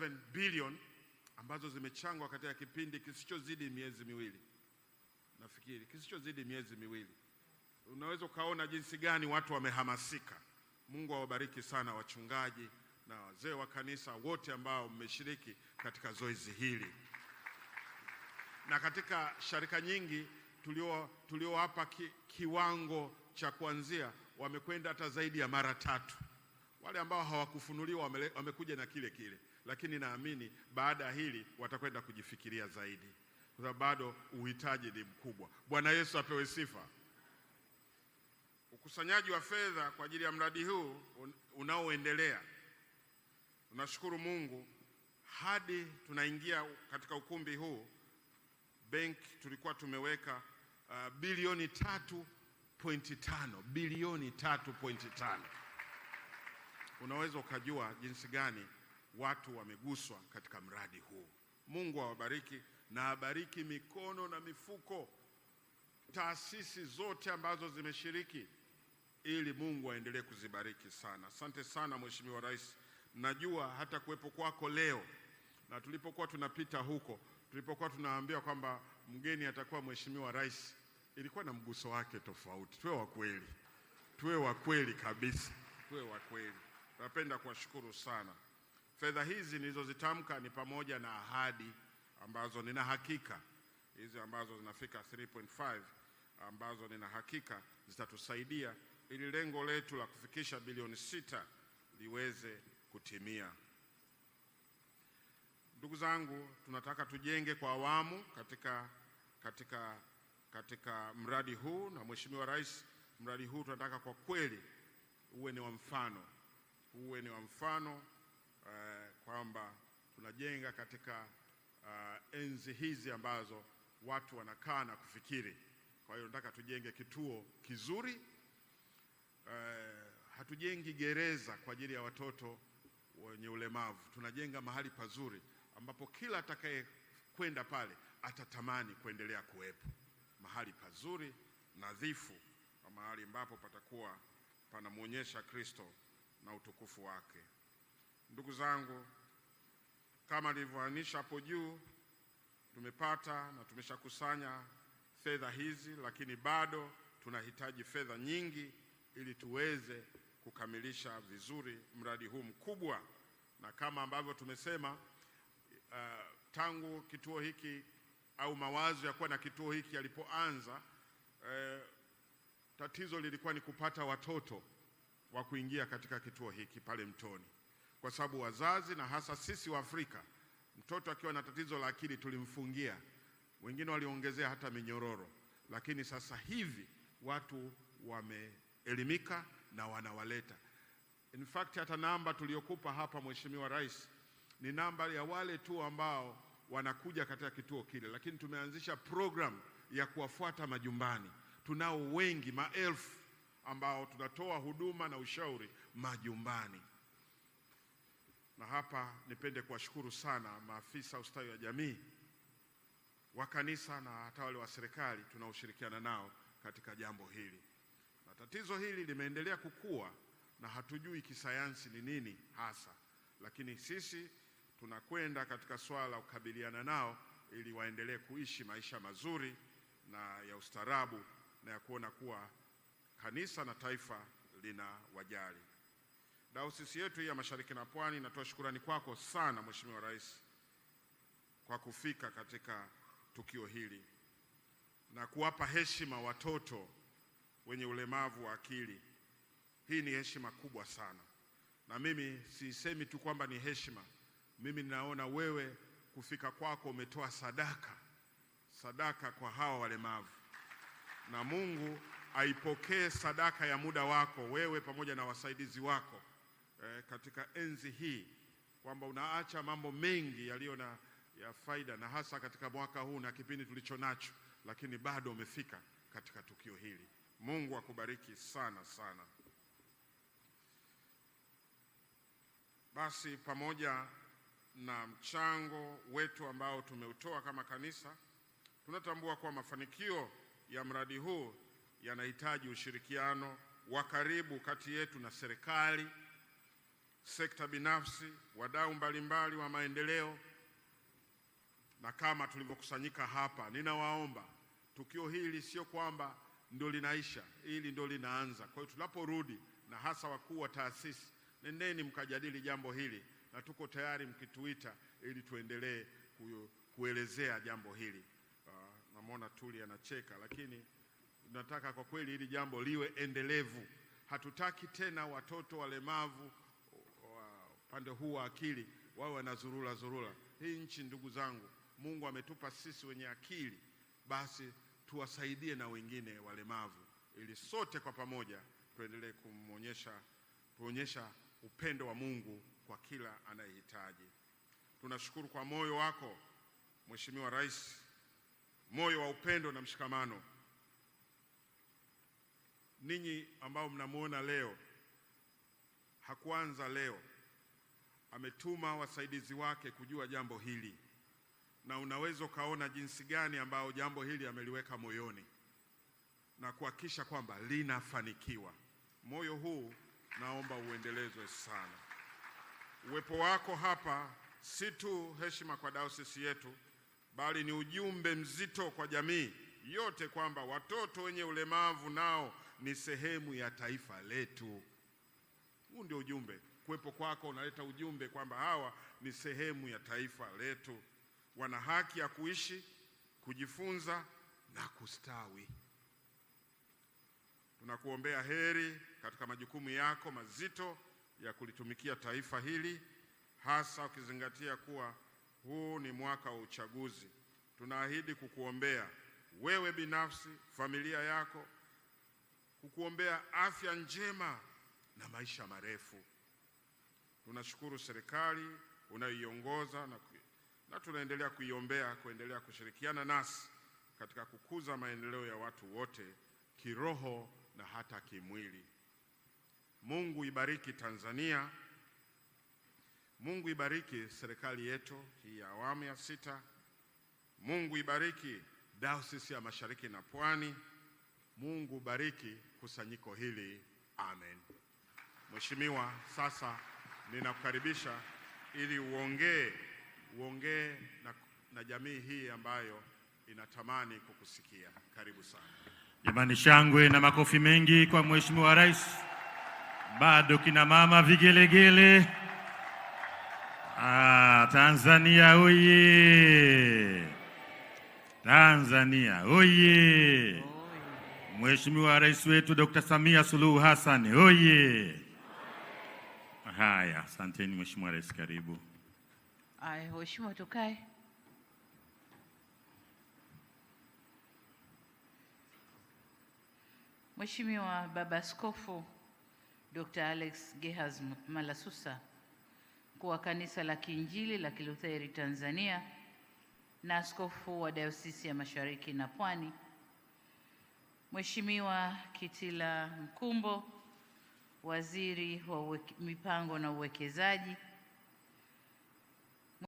11 billion ambazo zimechangwa katika kipindi kisichozidi miezi miwili, nafikiri kisichozidi miezi miwili. Unaweza ukaona jinsi gani watu wamehamasika. Mungu awabariki sana wachungaji na wazee wa kanisa wote ambao mmeshiriki katika zoezi hili. Na katika sharika nyingi tuliowapa ki, kiwango cha kuanzia wamekwenda hata zaidi ya mara tatu. Wale ambao hawakufunuliwa wamekuja na kile kile lakini naamini baada ya hili watakwenda kujifikiria zaidi, kwa sababu bado uhitaji ni mkubwa. Bwana Yesu apewe sifa. Ukusanyaji wa fedha kwa ajili ya mradi huu unaoendelea, tunashukuru Mungu, hadi tunaingia katika ukumbi huu benki tulikuwa tumeweka uh, bilioni 3.5 bilioni 3.5 Unaweza ukajua jinsi gani watu wameguswa katika mradi huu. Mungu awabariki na abariki mikono na mifuko, taasisi zote ambazo zimeshiriki, ili Mungu aendelee kuzibariki sana. Asante sana Mheshimiwa Rais, najua hata kuwepo kwako leo na tulipokuwa tunapita huko, tulipokuwa tunaambia kwamba mgeni atakuwa Mheshimiwa Rais, ilikuwa na mguso wake tofauti. Tuwe wa kweli, tuwe wa kweli kabisa, tuwe wa kweli. Napenda kuwashukuru sana. Fedha hizi nilizozitamka ni pamoja na ahadi ambazo nina hakika hizi ambazo zinafika 3.5 ambazo nina hakika zitatusaidia ili lengo letu la kufikisha bilioni sita liweze kutimia. Ndugu zangu, tunataka tujenge kwa awamu katika, katika, katika mradi huu na Mheshimiwa Rais, mradi huu tunataka kwa kweli uwe ni wa mfano, uwe ni wa mfano Eh, kwamba tunajenga katika uh, enzi hizi ambazo watu wanakaa na kufikiri. Kwa hiyo nataka tujenge kituo kizuri. Uh, hatujengi gereza kwa ajili ya watoto wenye ulemavu, tunajenga mahali pazuri ambapo kila atakayekwenda pale atatamani kuendelea kuwepo, mahali pazuri nadhifu, mahali ambapo patakuwa panamwonyesha Kristo na utukufu wake. Ndugu zangu, kama nilivyoainisha hapo juu, tumepata na tumeshakusanya fedha hizi, lakini bado tunahitaji fedha nyingi ili tuweze kukamilisha vizuri mradi huu mkubwa, na kama ambavyo tumesema uh, tangu kituo hiki au mawazo ya kuwa na kituo hiki yalipoanza, eh, tatizo lilikuwa ni kupata watoto wa kuingia katika kituo hiki pale Mtoni kwa sababu wazazi na hasa sisi wa Afrika, mtoto akiwa na tatizo la akili tulimfungia, wengine waliongezea hata minyororo, lakini sasa hivi watu wameelimika na wanawaleta. In fact hata namba tuliyokupa hapa Mheshimiwa Rais ni namba ya wale tu ambao wanakuja katika kituo kile, lakini tumeanzisha program ya kuwafuata majumbani. Tunao wengi maelfu ambao tunatoa huduma na ushauri majumbani hapa nipende kuwashukuru sana maafisa ustawi wa jamii wa kanisa na hata wale wa serikali tunaoshirikiana nao katika jambo hili, na tatizo hili limeendelea kukua na hatujui kisayansi ni nini hasa, lakini sisi tunakwenda katika swala la kukabiliana nao ili waendelee kuishi maisha mazuri na ya ustarabu na ya kuona kuwa kanisa na taifa lina wajali. Dayosisi yetu hii ya Mashariki na Pwani natoa shukurani kwako sana Mheshimiwa Rais kwa kufika katika tukio hili na kuwapa heshima watoto wenye ulemavu wa akili. Hii ni heshima kubwa sana, na mimi sisemi tu kwamba ni heshima. Mimi ninaona wewe kufika kwako umetoa sadaka, sadaka kwa hawa walemavu, na Mungu aipokee sadaka ya muda wako wewe pamoja na wasaidizi wako eh, katika enzi hii kwamba unaacha mambo mengi yaliyo na ya faida na hasa katika mwaka huu na kipindi tulicho nacho, lakini bado umefika katika tukio hili. Mungu akubariki sana sana. Basi pamoja na mchango wetu ambao tumeutoa kama kanisa, tunatambua kuwa mafanikio ya mradi huu yanahitaji ushirikiano wa karibu kati yetu na serikali sekta binafsi, wadau mbalimbali wa maendeleo, na kama tulivyokusanyika hapa, ninawaomba tukio hili sio kwamba ndio linaisha, hili ndio linaanza. Kwa hiyo tunaporudi, na hasa wakuu wa taasisi, nendeni mkajadili jambo hili, na tuko tayari mkituita ili tuendelee kuelezea jambo hili. Uh, namwona Tuli anacheka, lakini tunataka kwa kweli hili jambo liwe endelevu. Hatutaki tena watoto walemavu upande huu wa akili wawe wanazurura zurura. Hii nchi ndugu zangu, Mungu ametupa sisi wenye akili, basi tuwasaidie na wengine walemavu, ili sote kwa pamoja tuendelee kumwonyesha kuonyesha upendo wa Mungu kwa kila anayehitaji. Tunashukuru kwa moyo wako Mheshimiwa Rais, moyo wa upendo na mshikamano. Ninyi ambao mnamwona leo, hakuanza leo ametuma wasaidizi wake kujua jambo hili, na unaweza ukaona jinsi gani ambao jambo hili ameliweka moyoni na kuhakikisha kwamba linafanikiwa. Moyo huu naomba uendelezwe sana. Uwepo wako hapa si tu heshima kwa dayosisi yetu, bali ni ujumbe mzito kwa jamii yote kwamba watoto wenye ulemavu nao ni sehemu ya taifa letu. Huu ndio ujumbe. Kuwepo kwako unaleta ujumbe kwamba hawa ni sehemu ya taifa letu, wana haki ya kuishi, kujifunza na kustawi. Tunakuombea heri katika majukumu yako mazito ya kulitumikia taifa hili, hasa ukizingatia kuwa huu ni mwaka wa uchaguzi. Tunaahidi kukuombea wewe binafsi, familia yako, kukuombea afya njema na maisha marefu. Tunashukuru serikali unayoiongoza na, na tunaendelea kuiombea kuendelea kushirikiana nasi katika kukuza maendeleo ya watu wote kiroho na hata kimwili. Mungu ibariki Tanzania. Mungu ibariki serikali yetu hii ya awamu ya sita. Mungu ibariki Dayosisi ya Mashariki na Pwani. Mungu bariki kusanyiko hili. Amen. Mheshimiwa, sasa ninakukaribisha ili uongee uongee na, na jamii hii ambayo inatamani kukusikia. Karibu sana jamani. Shangwe na makofi mengi kwa Mheshimiwa Rais. Bado kina mama vigelegele. Ah, Tanzania oye! Tanzania oye! Mheshimiwa Rais wetu Dr. Samia Suluhu Hassan oye! Haya, asanteni Mheshimiwa Rais, karibu. Aya, Mheshimiwa, tukae. Mheshimiwa Baba Askofu Dr. Alex Gehaz Malasusa mkuu wa Kanisa la Kiinjili la Kilutheri Tanzania na askofu wa Dayosisi ya Mashariki na Pwani, Mheshimiwa Kitila Mkumbo waziri wa mipango na uwekezaji